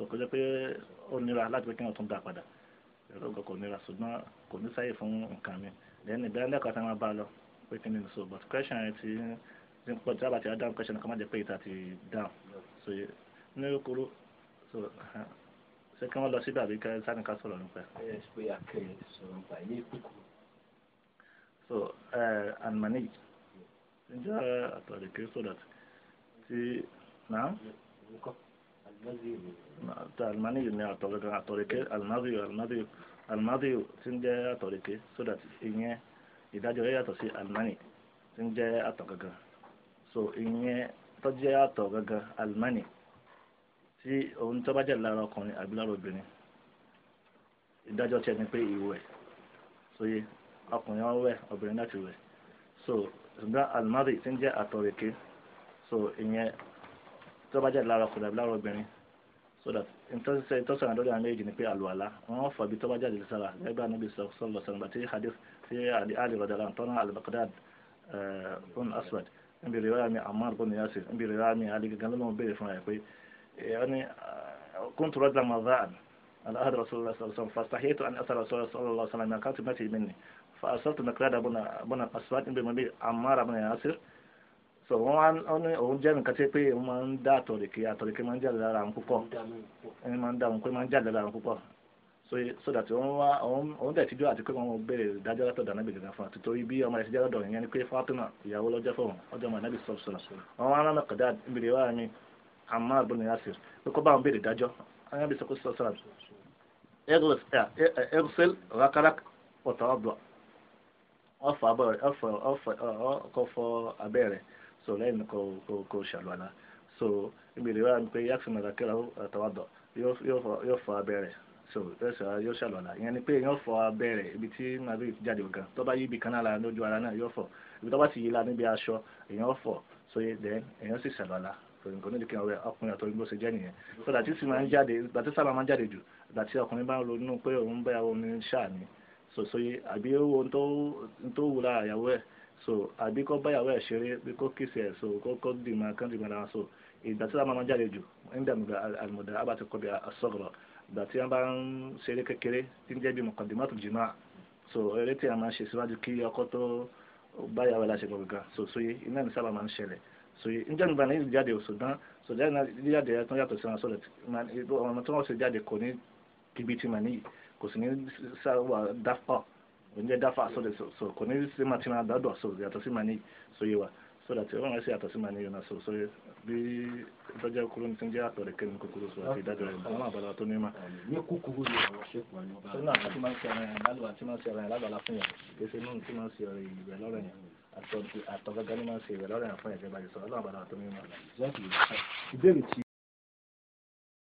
so kó jẹ́ pé ó nira láti pé kí wọ́n tún dá padà ẹ̀rọ gan kò nira ṣùgbọ́n kò ní sáyè fún nǹkan mi lẹ́yìn ìdánilẹ́kọ̀ọ́ tá a máa bá lọ pé kí ni so but question yẹn ti ti ń pọ̀ tí a bá ti dáhùn question kan má jẹ́ pé ìta ti dáhùn so ní kúrú so ṣé kí wọ́n lọ síbẹ̀ àbí kí sani ká sọ̀rọ̀ nípa so uh, and manage ǹjẹ́ àtọ̀lẹ̀kẹ́ so that ti náà almani ni àtọ̀rẹ̀kẹ́ àtọ̀rẹ̀kẹ́ almadi almadi almadi tí ń jẹ́ àtọ̀rẹ̀kẹ́ so that ìyẹn ìdájọ́ rẹ̀ yàtọ̀ sí almani tí ń jẹ́ àtọ̀ gangan so ìyẹn tó jẹ́ àtọ̀ gangan almani tí ohun tó bá jẹ́ lára ọkùnrin àbí lára obìnrin ìdájọ́ tiẹ̀ ni pé ìwẹ̀ sóye ọkùnrin wọn wẹ̀ obìnrin láti wẹ̀ so ṣùgbọ́n almadi tí ń jẹ́ àtọ̀rẹ̀kẹ́ so ìyẹn tó bá jáde lára ọkùnrin àbí lára obìnrin so that ìtọ́sọ̀rọ̀ lórí àwọn méjì ni pé àlùwàlá wọn fọ̀ bí tó bá jáde sára lẹ́gbẹ́ àníbi sọ̀rọ̀ sọ̀rọ̀ tí hadith tí àlè rọ̀dàlá tọ́nà al-Baghdad bun aswad ń bèrè wáyà mi Ammar bun Yasir ń bèrè wáyà mi alì gangan lọ́wọ́ bèrè fún ẹ̀ pé ẹni eh, uh, kún tó rọ́dà máa dáa aláhàdà rasulullah sallallahu fastahitu an asara sallallahu sallam kan ti mẹ́tì mi ni fa asaltu mẹ́kìlá dà bun aswad ń bèrè mi so wọn wá ní òun jẹ́ nǹkan tí pé òun máa ń dá àtọ̀rèké àtọ̀rèké máa ń jáde lára àwọn púpọ̀ ẹni máa so dat òun wá òun dẹ̀ tíjọ́ àti pé wọn béèrè ìdájọ́ látọ̀ dáná gbèdè náà fún àti torí bí ọmọ rẹ̀ ti jẹ́ lọ́dọ̀ ìyẹn ni pé Fatima ìyàwó lọ́jọ́ fún ọjọ́ mọ̀ nábì sọ̀rọ̀ sọ̀rọ̀ wọn wá rán kọ̀dá ìbèrè wá mi Ammar bin so lẹ́yìn kò kò kò ṣàlùwàlá so ibi ìlera pé yàtọ̀ mẹ́ta kẹ́ra àtàwádọ̀ yóò fọ abẹ́rẹ́ so ẹ̀sẹ̀ yóò ṣàlùwàlá ìyẹn ni pé yóò fọ abẹ́rẹ́ ibi tí nàbí jáde gan tó bá yí ibi kan lára lójú ara náà yóò fọ ibi tó bá sì yí la níbi aṣọ èèyàn fọ so then èèyàn sì ṣàlùwàlá tòyìn kò ní dìkẹ́ ọ̀rẹ́ ọkùnrin àtọ́rí bó ṣe jẹ́ nìyẹn so dàtí sì máa ń jáde dàtí sábà máa ń jáde jù dàtí ọkùnrin bá ń ronú pé òun bẹ́ẹ̀ òun ní ṣáà ni so so àbí owó tó wù lára ìyàwó ẹ̀ so àbí kọ́ báyàwó ẹ̀ ṣeré bí kò kìsì ẹ̀ so kò kò dìmọ̀ kàn dìmọ̀ dáhùn so ìgbà tí wọ́n máa jáde jù ẹ̀ńdà àlùmọ̀dà abàtì kọ́ bí asọ́gọ̀rọ̀ ìgbà tí wọ́n bá ń ṣeré kékeré tí ń jẹ́ bí mọ̀kàndínmọ́tò jìmọ̀ so eré tí a máa ṣe síwájú kí ọkọ tó báyàwó ẹ̀ láṣepọ̀ gíga so sóye iná ní sábà máa ń ṣẹlẹ̀ sóye ń jẹ́nu ìgbàlẹ̀ yìí jáde ṣùgbọ́n ṣùgbọ́n jáde ẹ̀ tó yàtọ̀ sí wọn sọ̀rọ̀ ọmọ tí wọ́n ṣe jáde kò ní kíbi tí mà níyì kò sì ní sáwà dáfọ̀ onye dafa so de so ko ni si ma tina da do so yàtọ̀ sí ma ni so yi wa so that o ma si yàtọ̀ sí ma ni yona so so bi to je kuru tin je ato de ken ko kuru so ati da do ma ma bala ma ni ku ku ku ni wa ni ba so na ti ma se ran da lo ti ma se ran la bala fún yàn ke se fún yàn je